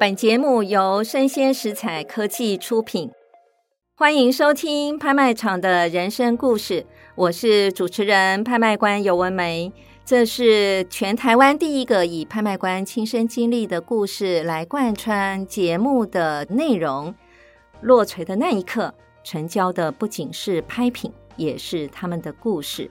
本節目由聲鮮時采科技出品，歡迎收聽《拍賣場的人生故事》。我是主持人拍賣官尤文梅，這是全台灣第一個以拍賣官親身經歷的故事來貫穿節目的內容。落錘的那一刻，成交的不僅是拍品，也是他們的故事。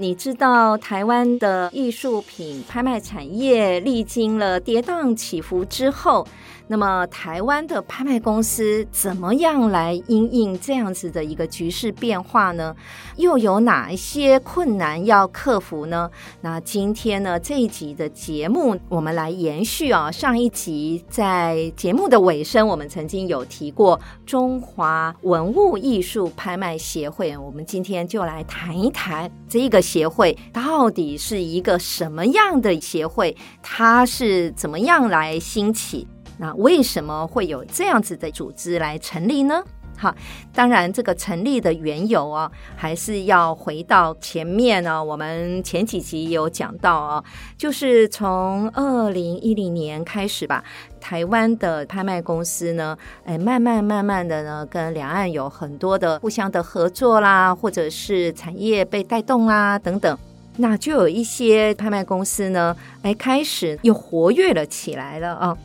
你知道台灣的藝術品拍賣產業歷經了跌宕起伏之後。那麼，台灣的拍賣公司怎麼樣來因應這樣子的一個局勢變化呢？又有哪一些困難要克服呢？那今天呢，這一集的節目我們來延續啊，上一集在節目的尾聲，我們曾經有提過中華文物藝術拍賣協會，我們今天就來談一談這個協會到底是一個什麼樣的協會，它是怎麼樣來興起？那為什麼會有這樣子的組織來成立呢？好，當然這個成立的緣由啊，還是要回到前面呢，啊。我們前幾集有講到啊，就是從二零一零年開始吧，台灣的拍賣公司呢，哎，慢慢慢慢的呢，跟兩岸有很多的互相的合作啦，或者是產業被帶動啦，啊，等等，那就有一些拍賣公司呢，哎，開始又活躍了起來了啊。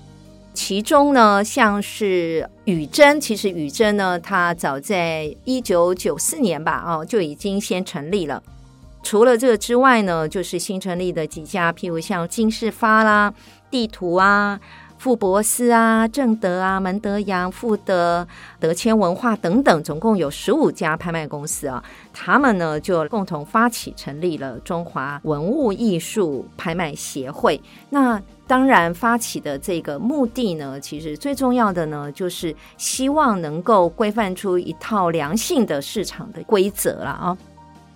其中呢，像是宇珍，其實宇珍呢，它早在一九九四年吧，哦，就已經先成立了。除了這個之外呢，就是新成立的幾家，譬如像金仕發啦、帝圖啊。富博斯啊、正德啊、門德揚、富德德謙文化等等，總共有十五家拍賣公司啊，他們呢就共同發起成立了中華文物藝術拍賣協會。那當然，發起的這個目的呢，其實最重要的呢，就是希望能夠規範出一套良性的市場的規則了啊。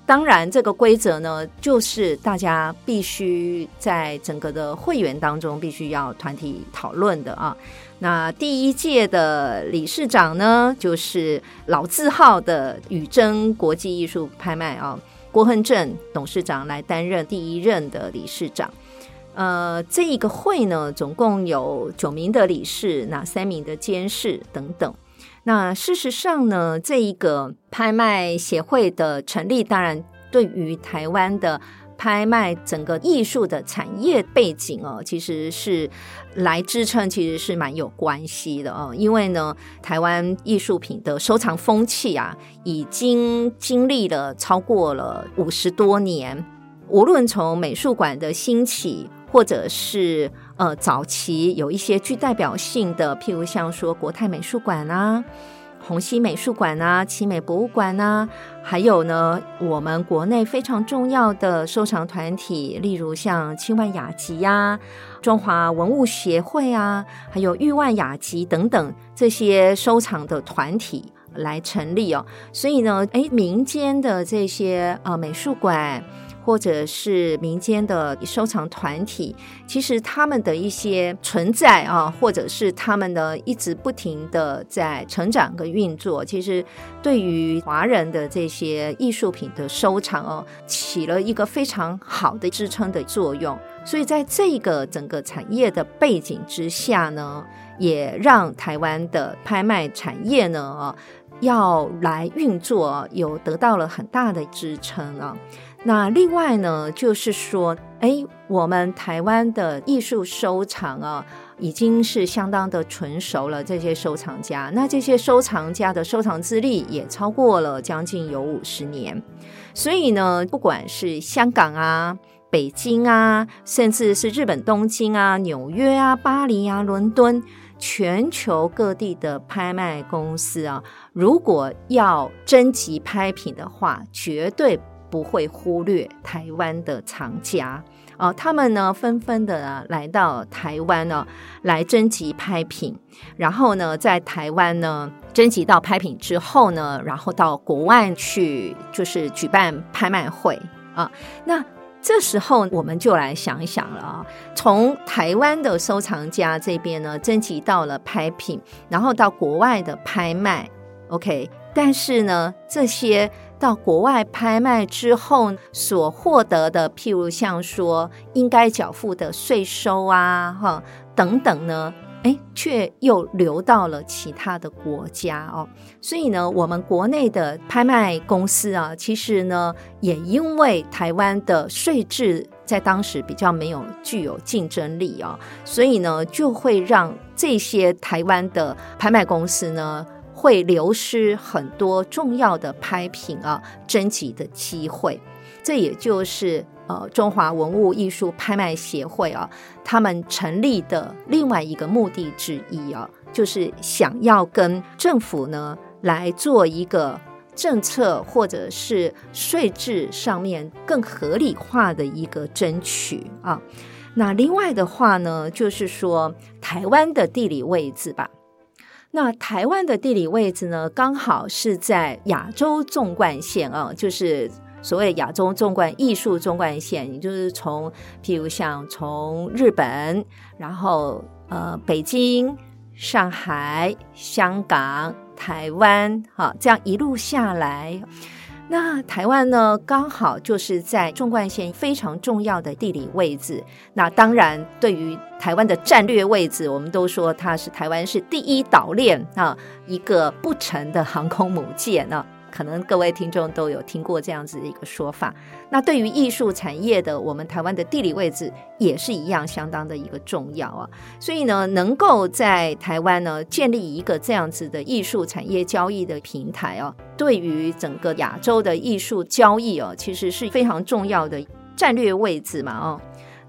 當然，這個規則呢，就是大家必須在整個的會員當中必須要團體討論的啊。那第一屆的理事長呢，就是老字號的宇珍國際藝術拍賣啊，郭亨正董事長來擔任第一任的理事長。呃，這一個會呢，總共有九名的理事，那三名的監事等等。那事實上呢，這一個拍賣協會的成立，當然對於台灣的拍賣整個藝術的產業背景哦，其實是來支撐，其實是蠻有關係的哦。因為呢，台灣藝術品的收藏風氣啊，已經經歷了超過了五十多年，無論從美術館的興起，或者是。呃，早期有一些具代表性的，譬如像說國泰美術館啊、鴻禧美術館啊、奇美博物館啊，還有呢，我們國內非常重要的收藏團體，例如像清翫雅集啊、中華文物協會啊，還有域外雅集等等這些收藏的團體來成立哦。所以呢，哎，民間的這些、呃、美術館。或者是民間的收藏團體，其實他們的一些存在啊，或者是他們的一直不停地在成長和運作，其實對於華人的這些藝術品的收藏哦、啊，起了一個非常好的支撐的作用。所以在這個整個產業的背景之下呢，也讓台灣的拍賣產業呢、啊、要來運作、啊，有得到了很大的支撐啊。那另外呢，就是說，哎，我們台灣的藝術收藏啊，已經是相當的純熟了。這些收藏家，那這些收藏家的收藏資歷也超過了將近有五十年。所以呢，不管是香港啊、北京啊，甚至是日本東京啊、紐約啊、巴黎啊、倫敦，全球各地的拍賣公司啊，如果要徵集拍品的話，絕對。不會忽略台灣的藏家，啊、哦，他們呢紛紛的、啊、來到台灣呢、啊、來徵集拍品，然後呢在台灣呢徵集到拍品之後呢，然後到國外去就是舉辦拍賣會啊。那這時候我們就來想一想了、啊，從台灣的收藏家這邊呢徵集到了拍品，然後到國外的拍賣，OK，但是呢這些。到國外拍賣之後所獲得的，譬如像說應該繳付的稅收啊，哈、哦、等等呢，哎，卻又流到了其他的國家哦。所以呢，我們國內的拍賣公司啊，其實呢，也因為台灣的稅制在當時比較沒有具有競爭力哦，所以呢，就會讓這些台灣的拍賣公司呢，會流失很多重要的拍品啊，徵集的機會。這也就是呃，中華文物藝術拍賣協會啊，他們成立的另外一個目的之一啊，就是想要跟政府呢來做一個政策或者是稅制上面更合理化的一個爭取啊。那另外的話呢，就是說台灣的地理位置吧。那台灣的地理位置呢，剛好是在亞洲縱貫線啊，就是所謂亞洲縱貫藝術縱貫線，也就是從譬如像從日本，然後呃北京、上海、香港、台灣，好、啊、這樣一路下來。那台灣呢，剛好就是在縱貫線非常重要的地理位置。那當然，對於台灣的戰略位置，我們都說它是台灣是第一島鏈啊，一個不沉的航空母艦呢。可能各位聽眾都有聽過這樣子的一個說法，那對於藝術產業的，我們台灣的地理位置也是一樣相當的一個重要啊。所以呢，能夠在台灣呢建立一個這樣子的藝術產業交易的平台哦，對於整個亞洲的藝術交易哦，其實是非常重要的戰略位置嘛哦。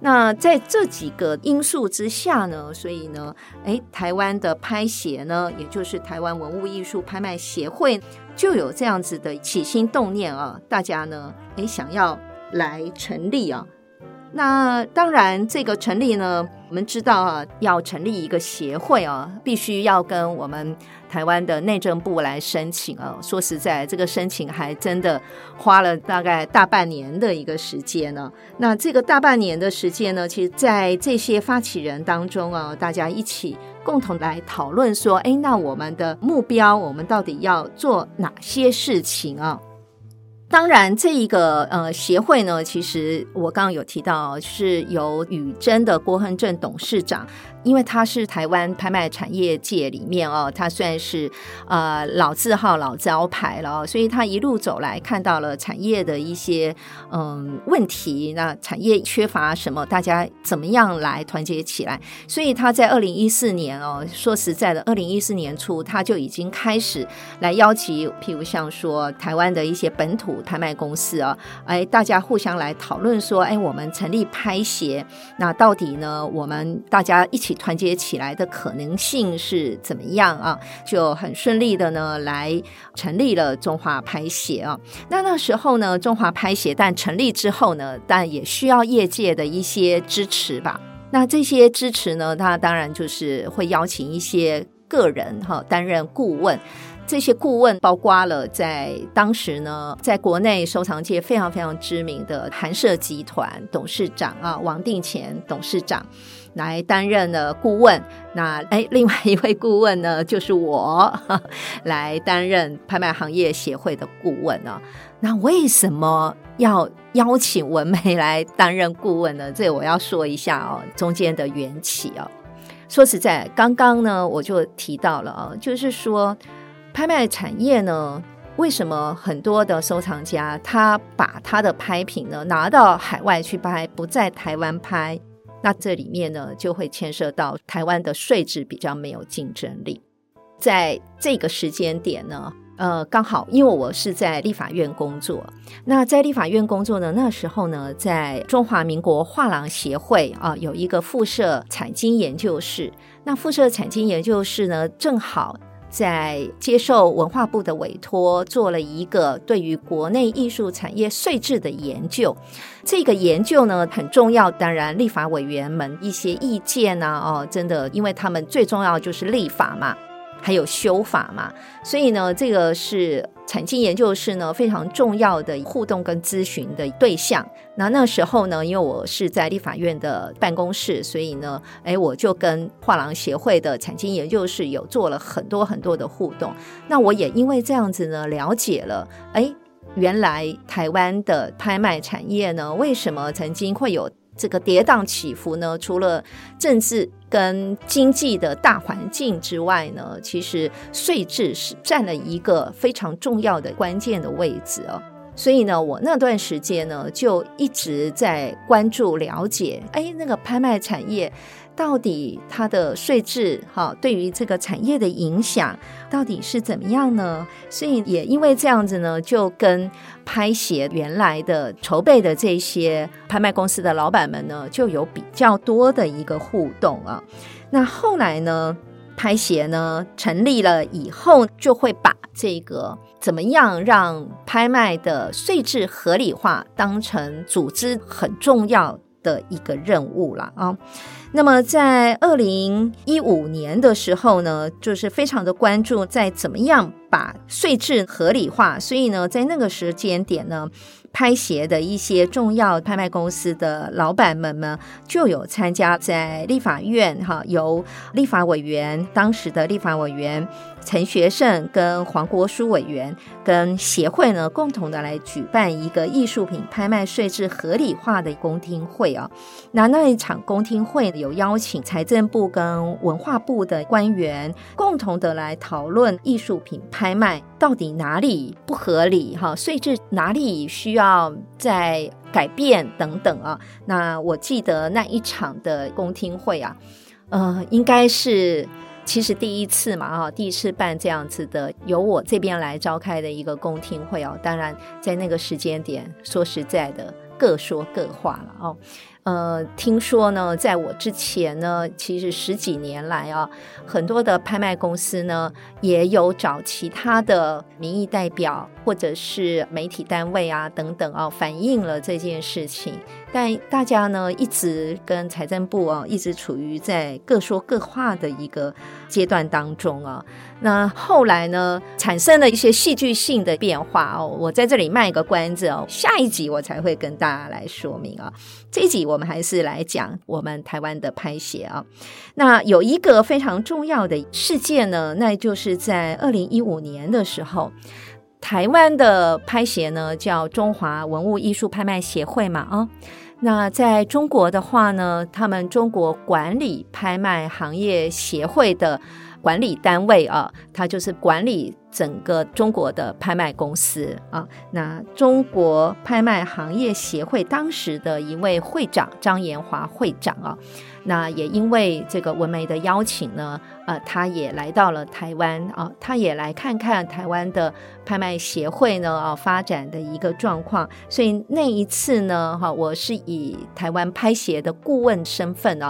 那在這幾個因素之下呢，所以呢，誒，台灣的拍協呢，也就是台灣文物藝術拍賣協會。就有這樣子的起心動念啊，大家呢，哎，想要來成立啊。那當然，這個成立呢，我們知道啊，要成立一個協會啊，必須要跟我們台灣的內政部來申請啊。說實在，這個申請還真的花了大概大半年的一個時間呢。那這個大半年的時間呢，其實，在這些發起人當中啊，大家一起。共同來討論說，哎，那我們的目標，我們到底要做哪些事情啊？當然，這一個呃協會呢，其實我剛剛有提到，是由宇真的郭亨正董事長。因為他是台灣拍賣產業界裡面哦，他算是呃老字號老招牌了哦，所以他一路走來看到了產業的一些嗯問題，那產業缺乏什麼，大家怎麼樣來團結起來。所以他在二零一四年哦，說實在的，二零一四年初他就已經開始來邀請，譬如像說台灣的一些本土拍賣公司啊哦，哎，大家互相來討論說，哎，我們成立拍協，那到底呢我們大家一起。團結起來的可能性是怎麼樣啊？就很順利的呢，來成立了中華拍協啊。那那時候呢，中華拍協但成立之後呢，但也需要業界的一些支持吧。那這些支持呢，他當然就是會邀請一些個人哈、啊、擔任顧問。這些顧問包括了在當時呢，在國內收藏界非常非常知名的寒舍集團董事長啊，王定乾董事長。來擔任的顧問，那哎，另外一位顧問呢，就是我來擔任拍賣行業協會的顧問呢、啊。那為什麼要邀請文美來擔任顧問呢？這我要說一下哦，中間的緣起哦。說實在，剛剛呢我就提到了啊、哦，就是說拍賣產業呢，為什麼很多的收藏家他把他的拍品呢拿到海外去拍，不在台灣拍？那這裡面呢，就會牽涉到台灣的稅制比較沒有競爭力。在這個時間點呢，呃，剛好因為我是在立法院工作，那在立法院工作呢，那時候呢，在中華民國畫廊協會啊、呃、有一個附設財經研究室，那附設財經研究室呢，正好。在接受文化部的委託，做了一個對於國內藝術產業稅制的研究。這個研究呢，很重要，當然立法委員們一些意見呢，啊，哦，真的，因為他們最重要就是立法嘛。還有修法嘛，所以呢，這個是產經研究室呢非常重要的互動跟諮詢的對象。那那時候呢，因為我是在立法院的辦公室，所以呢，哎，我就跟畫廊協會的產經研究室有做了很多很多的互動。那我也因為這樣子呢，了解了，哎，原來台灣的拍賣產業呢，為什麼曾經會有？這個跌宕起伏呢，除了政治跟經濟的大環境之外呢，其實稅制是佔了一個非常重要的關鍵的位置哦。所以呢，我那段時間呢，就一直在關注了解，哎，那個拍賣產業。到底它的稅制哈，對於這個產業的影響到底是怎麼樣呢？所以也因為這樣子呢，就跟拍協原來的籌備的這些拍賣公司的老板們呢，就有比較多的一個互動啊。那後來呢，拍協呢成立了以後，就會把這個怎麼樣讓拍賣的稅制合理化，當成組織很重要。的一個任務了啊、哦，那麼在二零一五年的時候呢，就是非常的關注在怎麼樣把稅制合理化，所以呢，在那個時間點呢，拍協的一些重要拍賣公司的老闆們們就有參加在立法院哈、啊，由立法委員，當時的立法委員。陳學聖跟黃國書委員跟協會呢，共同的來舉辦一個藝術品拍賣稅制合理化的公聽會啊。那那一場公聽會有邀請財政部跟文化部的官員共同的來討論藝術品拍賣到底哪裡不合理哈，稅制哪裡需要再改變等等啊。那我記得那一場的公聽會啊，呃，應該是。其實第一次嘛，哈，第一次辦這樣子的，由我這邊來召開的一個公聽會哦、啊。當然，在那個時間點，說實在的，各說各話了哦。呃，聽說呢，在我之前呢，其實十幾年來啊，很多的拍賣公司呢，也有找其他的民意代表或者是媒體單位啊等等啊，反映了這件事情。但大家呢，一直跟財政部啊、哦，一直處於在各說各話的一個階段當中啊、哦。那後來呢，產生了一些戲劇性的變化哦。我在這裡賣個關子哦，下一集我才會跟大家來說明啊、哦。這一集我們還是來講我們台灣的拍賣啊、哦。那有一個非常重要的事件呢，那就是在二零一五年的時候。台灣的拍協呢，叫中華文物藝術拍賣協會嘛啊。那在中國的話呢，他們中國管理拍賣行業協會的管理單位啊，他就是管理整個中國的拍賣公司啊。那中國拍賣行業協會當時的一位會長，張延華會長啊。那也因為這個文梅的邀請呢，呃，他也來到了台灣啊，他也來看看台灣的拍賣協會呢啊，發展的一個狀況。所以那一次呢，哈、啊，我是以台灣拍協的顧問身份呢、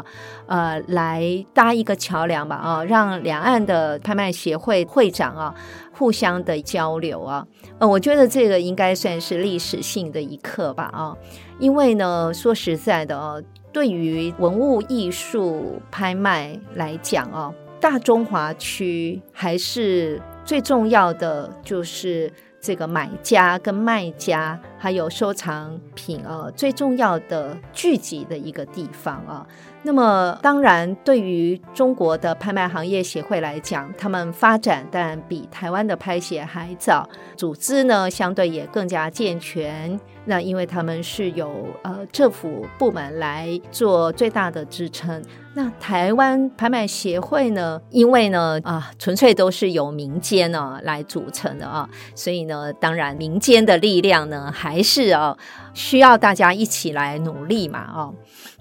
啊，呃，來搭一個橋樑吧啊，讓兩岸的拍賣協會會長啊互相的交流啊，呃、啊，我覺得這個應該算是歷史性的一刻吧啊，因為呢，說實在的、啊對於文物藝術拍賣來講哦，大中華區還是最重要的就是。這個買家跟賣家還有收藏品啊、呃，最重要的聚集的一個地方啊。那麼，當然對於中國的拍賣行業協會來講，他們發展但比台灣的拍協還早，組織呢相對也更加健全。那因為他們是有呃政府部門來做最大的支撐。那台灣拍賣協會呢？因為呢啊，純粹都是由民間呢、啊、來組成的啊，所以呢，當然民間的力量呢，還是啊需要大家一起來努力嘛啊。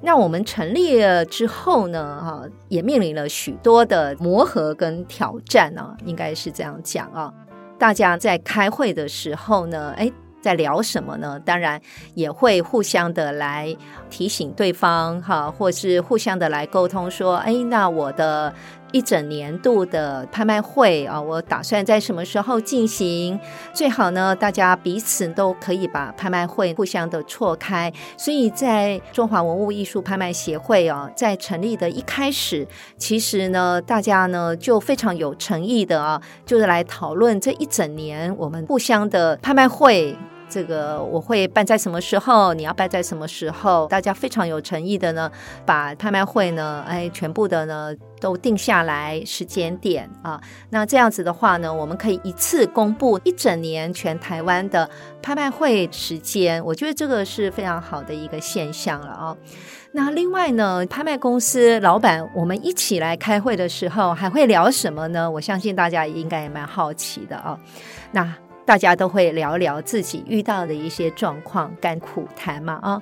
那我們成立了之後呢，啊，也面臨了許多的磨合跟挑戰呢、啊，應該是這樣講啊。大家在開會的時候呢，哎、欸。在聊什麼呢？當然也會互相的來提醒對方哈、啊，或是互相的來溝通說，哎，那我的一整年度的拍賣會啊，我打算在什麼時候進行？最好呢，大家彼此都可以把拍賣會互相的錯開。所以在中華文物藝術拍賣協會啊，在成立的一開始，其實呢，大家呢就非常有誠意的啊，就是來討論這一整年我們互相的拍賣會。這個我會辦在什麼時候？你要辦在什麼時候？大家非常有誠意的呢，把拍賣會呢，哎，全部的呢都定下來時間點啊。那這樣子的話呢，我們可以一次公布一整年全台灣的拍賣會時間。我覺得這個是非常好的一個現象了啊。那另外呢，拍賣公司老闆，我們一起來開會的時候還會聊什麼呢？我相信大家應該也蠻好奇的啊。那。大家都會聊聊自己遇到的一些狀況，甘苦談嘛啊、哦。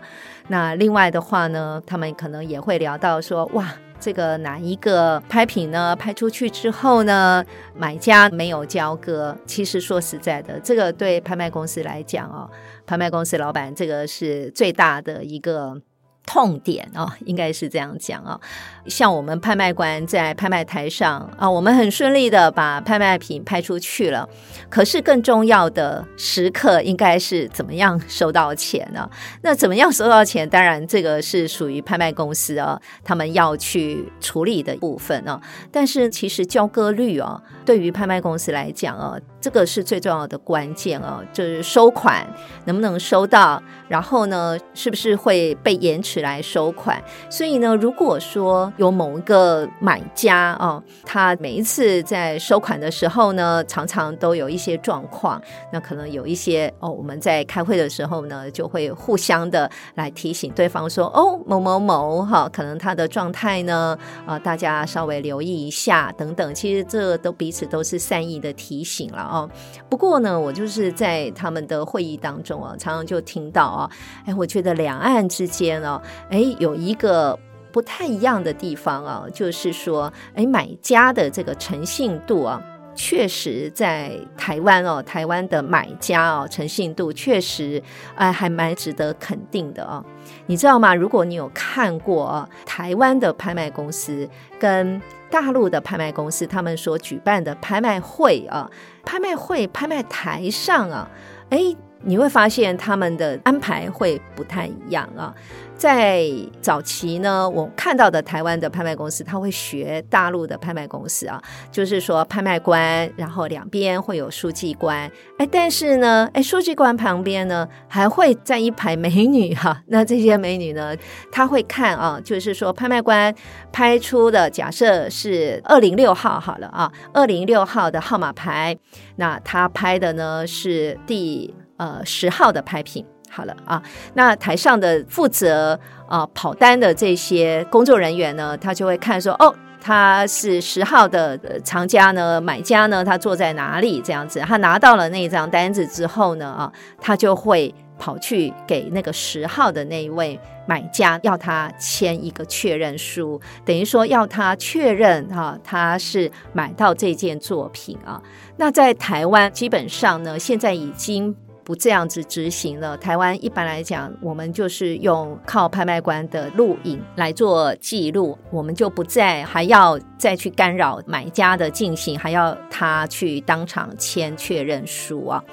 那另外的話呢，他們可能也會聊到說，哇，這個哪一個拍品呢，拍出去之後呢，買家沒有交割。其實說實在的，這個對拍賣公司來講哦，拍賣公司老板這個是最大的一個痛點哦，應該是這樣講啊、哦。像我們拍賣官在拍賣臺上啊，我們很順利的把拍賣品拍出去了。可是更重要的時刻應該是怎麼樣收到錢呢啊？那怎麼樣收到錢？當然這個是屬於拍賣公司啊，他們要去處理的部分啊。但是其實交割率啊，對於拍賣公司來講啊，這個是最重要的關鍵啊，就是收款能不能收到，然後呢，是不是會被延遲來收款？所以呢，如果說有某一個買家啊、哦，他每一次在收款的時候呢，常常都有一些狀況。那可能有一些哦，我們在開會的時候呢，就會互相的來提醒對方說：“哦，某某某哈、哦，可能他的狀態呢，啊、哦，大家稍微留意一下等等。”其實這都彼此都是善意的提醒了哦。不過呢，我就是在他們的會議當中啊，常常就聽到啊，哎，我覺得兩岸之間哦，哎，有一個，不太一樣的地方啊，就是說，哎，買家的這個誠信度啊，確實在台灣哦，台灣的買家哦，誠信度確實哎、呃，還蠻值得肯定的哦、啊。你知道嗎？如果你有看過、啊、台灣的拍賣公司跟大陸的拍賣公司，他們所舉辦的拍賣會啊，拍賣會拍賣台上啊，誒你會發現他們的安排會不太一樣啊。在早期呢，我看到的台灣的拍賣公司，他會學大陸的拍賣公司啊，就是說拍賣官，然後兩邊會有書記官。哎，但是呢，哎，書記官旁邊呢還會站一排美女哈啊。那這些美女呢，她會看啊，就是說拍賣官拍出的，假設是二零六號好了啊，二零六號的號碼牌，那她拍的呢是第。呃，十號的拍品好了啊。那台上的負責啊跑單的這些工作人員呢，他就會看說，哦，他是十號的藏家呢，買家呢，他坐在哪裡？這樣子，他拿到了那張單子之後呢，啊，他就會跑去給那個十號的那一位買家，要他簽一個確認書，等於說要他確認哈，啊，他是買到這件作品啊。那在台灣，基本上呢，現在已經，不這樣子執行了。台灣一般來講，我們就是用靠拍賣官的錄影來做記錄，我們就不再還要再去干擾買家的進行，還要他去當場簽確認書啊。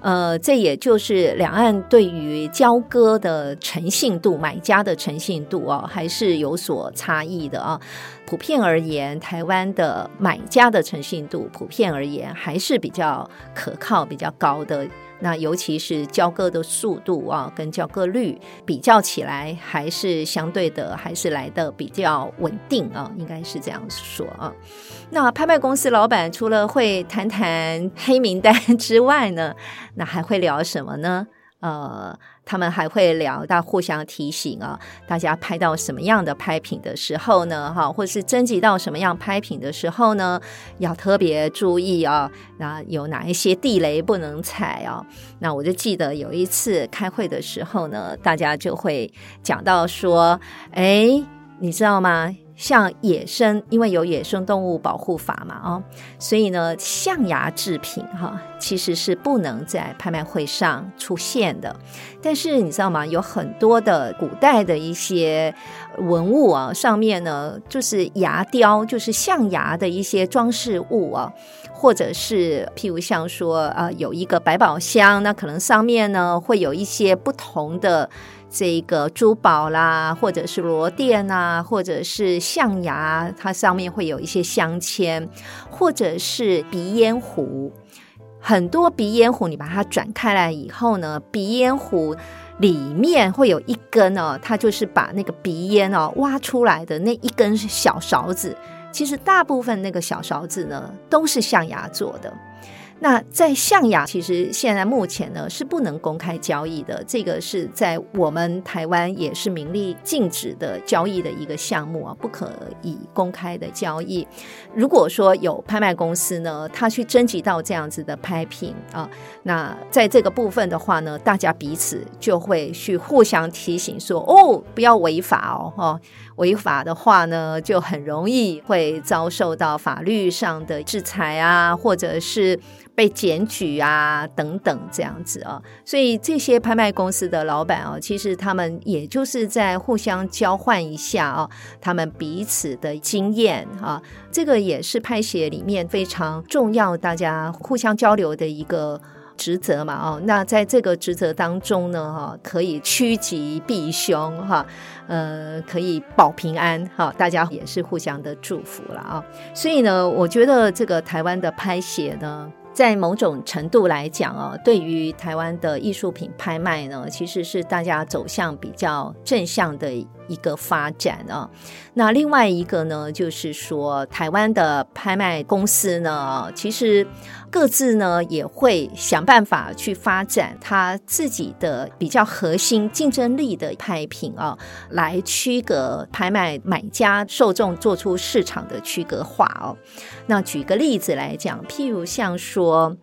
呃，這也就是兩岸對於交割的誠信度、買家的誠信度啊，還是有所差異的啊。普遍而言，台灣的買家的誠信度，普遍而言還是比較可靠、比較高的。那尤其是交割的速度啊，跟交割率比較起來，還是相對的，還是來的比較穩定啊，應該是這樣說啊。那拍賣公司老闆除了會談談黑名單之外呢，那還會聊什麼呢？呃。他們還會聊到互相提醒啊，大家拍到什麼樣的拍品的時候呢，哈，或者是徵集到什麼樣拍品的時候呢，要特別注意啊。那有哪一些地雷不能踩啊。那我就記得有一次開會的時候呢，大家就會講到說，哎，你知道嗎？像野生，因為有野生動物保護法嘛，啊，所以呢，象牙製品哈，啊，其實是不能在拍賣會上出現的。但是你知道嗎？有很多的古代的一些文物啊，上面呢，就是牙雕，就是象牙的一些裝飾物啊，或者是譬如像說啊，有一個百寶箱，那可能上面呢會有一些不同的。這個珠寶啦，或者是螺鈿啊，或者是象牙，它上面會有一些鑲嵌，或者是鼻煙壺。很多鼻煙壺，你把它轉開來以後呢，鼻煙壺裡面會有一根哦，它就是把那個鼻煙哦挖出來的那一根是小勺子。其實大部分那個小勺子呢，都是象牙做的。那在象牙，其實現在目前呢是不能公開交易的，這個是在我們台灣也是明令禁止的交易的一個項目啊，不可以公開的交易。如果說有拍賣公司呢，他去徵集到這樣子的拍品啊，那在這個部分的話呢，大家彼此就會去互相提醒說，哦，不要違法哦，啊。違法的話呢，就很容易會遭受到法律上的制裁啊，或者是被檢舉啊等等這樣子啊。所以這些拍賣公司的老闆啊，其實他們也就是在互相交換一下啊，他們彼此的經驗啊，這個也是拍協裡面非常重要，大家互相交流的一個。職責嘛，哦，那在這個職責當中呢，哈，可以趨吉避凶，哈，呃，可以保平安，哈，大家也是互相的祝福了啊。所以呢，我覺得這個台灣的拍寫呢，在某種程度來講啊，對於台灣的藝術品拍賣呢，其實是大家走向比較正向的一個發展啊。那另外一個呢，就是說台灣的拍賣公司呢，其實。各自呢，也會想辦法去發展他自己的比較核心競爭力的拍品哦，來區隔拍賣買家受眾，做出市場的區隔化。哦。那舉個例子來講，譬如像說，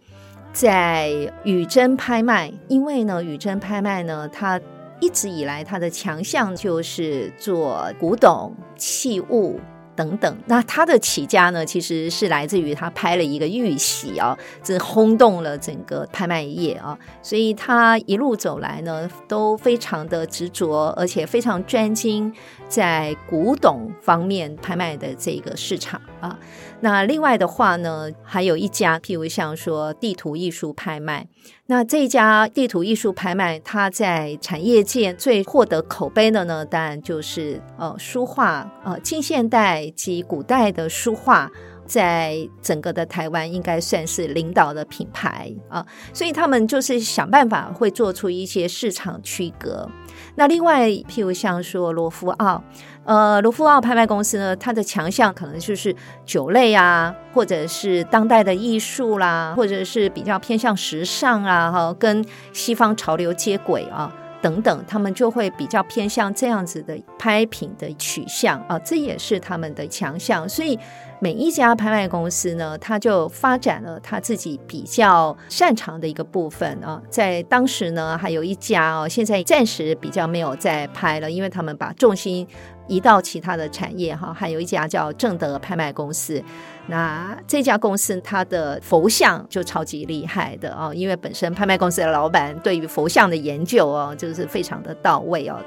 在宇珍拍賣，因為呢，宇珍拍賣呢，它一直以來它的強項就是做古董器物、。等等，那他的起家呢，其實是來自於他拍了一個玉璽哦、啊，這轟動了整個拍賣業啊，所以他一路走來呢，都非常的執着，而且非常專精在古董方面拍賣的這個市場。啊，那另外的話呢，還有一家，譬如像說帝圖藝術拍賣。那這一家帝圖藝術拍賣，它在產業界最獲得口碑的呢，當然就是呃書畫，呃近現代及古代的書畫。在整個的台灣，應該算是領導的品牌啊，所以他們就是想辦法會做出一些市場區隔。那另外，譬如像說羅芙奧，呃，羅芙奧拍賣公司呢，它的強項可能就是酒類啊，或者是當代的藝術啦，或者是比較偏向時尚啊，哈，跟西方潮流接軌啊。等等，他們就會比較偏向這樣子的拍品的取向啊，這也是他們的強項。所以每一家拍賣公司呢，他就發展了他自己比較擅長的一個部分啊。在當時呢，還有一家哦、啊，現在暫時比較沒有在拍了，因為他們把重心移到其他的產業哈、啊。還有一家叫正德拍賣公司。那這家公司它的佛像就超級厲害的哦，因為本身拍賣公司的老板對於佛像的研究哦，就是非常的到位哦。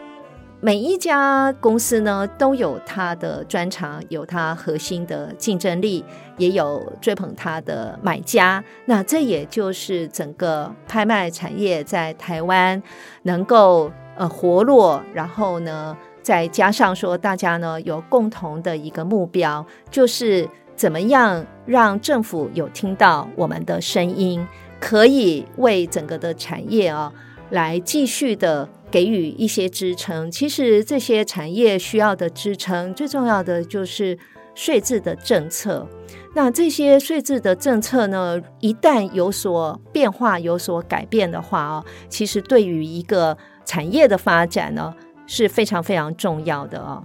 每一家公司呢都有它的專長，有它核心的競爭力，也有追捧它的買家。那這也就是整個拍賣產業在台灣能夠呃活絡，然後呢再加上說大家呢有共同的一個目標，就是。怎麼樣讓政府有聽到我們的聲音，可以為整個的產業啊、哦，來繼續的給予一些支撐？其實這些產業需要的支撐，最重要的就是稅制的政策。那這些稅制的政策呢，一旦有所變化、有所改變的話啊、哦，其實對於一個產業的發展呢，是非常非常重要的啊、哦。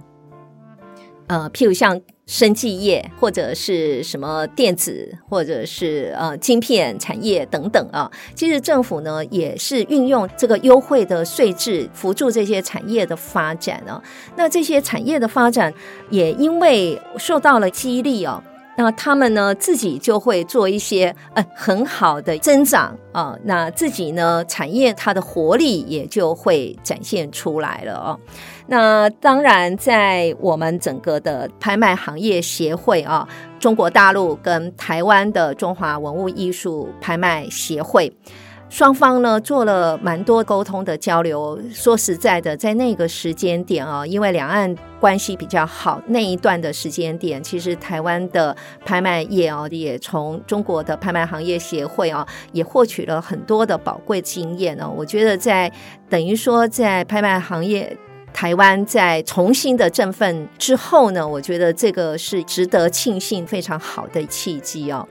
呃，譬如像，生技業或者是什麼電子或者是呃晶片產業等等啊，其實政府呢也是運用這個優惠的稅制，扶助這些產業的發展啊。那這些產業的發展也因為受到了激勵哦。那他們呢，自己就會做一些呃、嗯、很好的增長啊、哦，那自己呢，產業它的活力也就會展現出來了哦。那當然，在我們整個的拍賣行業協會啊、哦，中國大陸跟台灣的中華文物藝術拍賣協會。雙方呢，做了蠻多溝通的交流。說實在的，在那個時間點啊，因為兩岸關係比較好，那一段的時間點，其實台灣的拍賣業哦，也從中國的拍賣行業協會啊，也獲取了很多的寶貴經驗呢。我覺得在等於說，在拍賣行業。台灣在重新的振奮之後呢，我覺得這個是值得慶幸非常好的契機哦。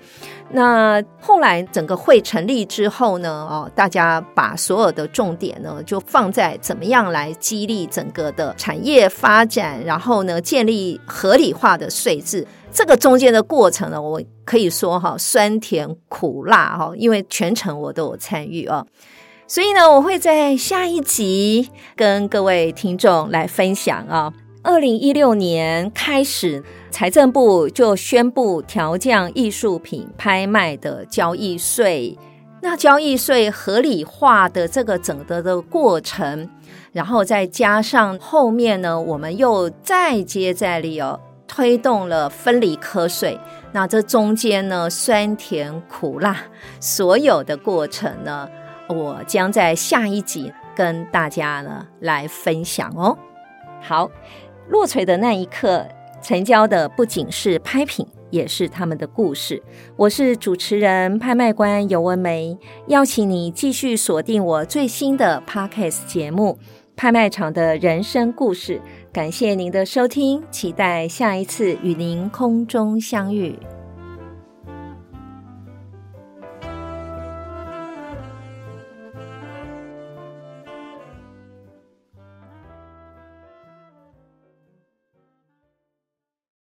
那後來整個會成立之後呢，哦，大家把所有的重點呢就放在怎麼樣來激勵整個的產業發展，然後呢建立合理化的稅制。這個中間的過程呢，我可以說哈、哦、酸甜苦辣哈、哦，因為全程我都有參與啊、哦。所以呢，我會在下一集跟各位聽眾來分享啊。二零一六年開始，財政部就宣布調降藝術品拍賣的交易稅，那交易稅合理化的這個整個的過程，然後再加上後面呢，我們又再接再厲哦，推動了分離課稅。那這中間呢，酸甜苦辣所有的過程呢，我將在下一集跟大家呢來分享哦。好，落槌的那一刻，成交的不僅是拍品，也是他們的故事。我是主持人、拍賣官尤文梅，邀請你繼續鎖定我最新的 Podcast 節目《拍賣場的人生故事》。感謝您的收聽，期待下一次與您空中相遇。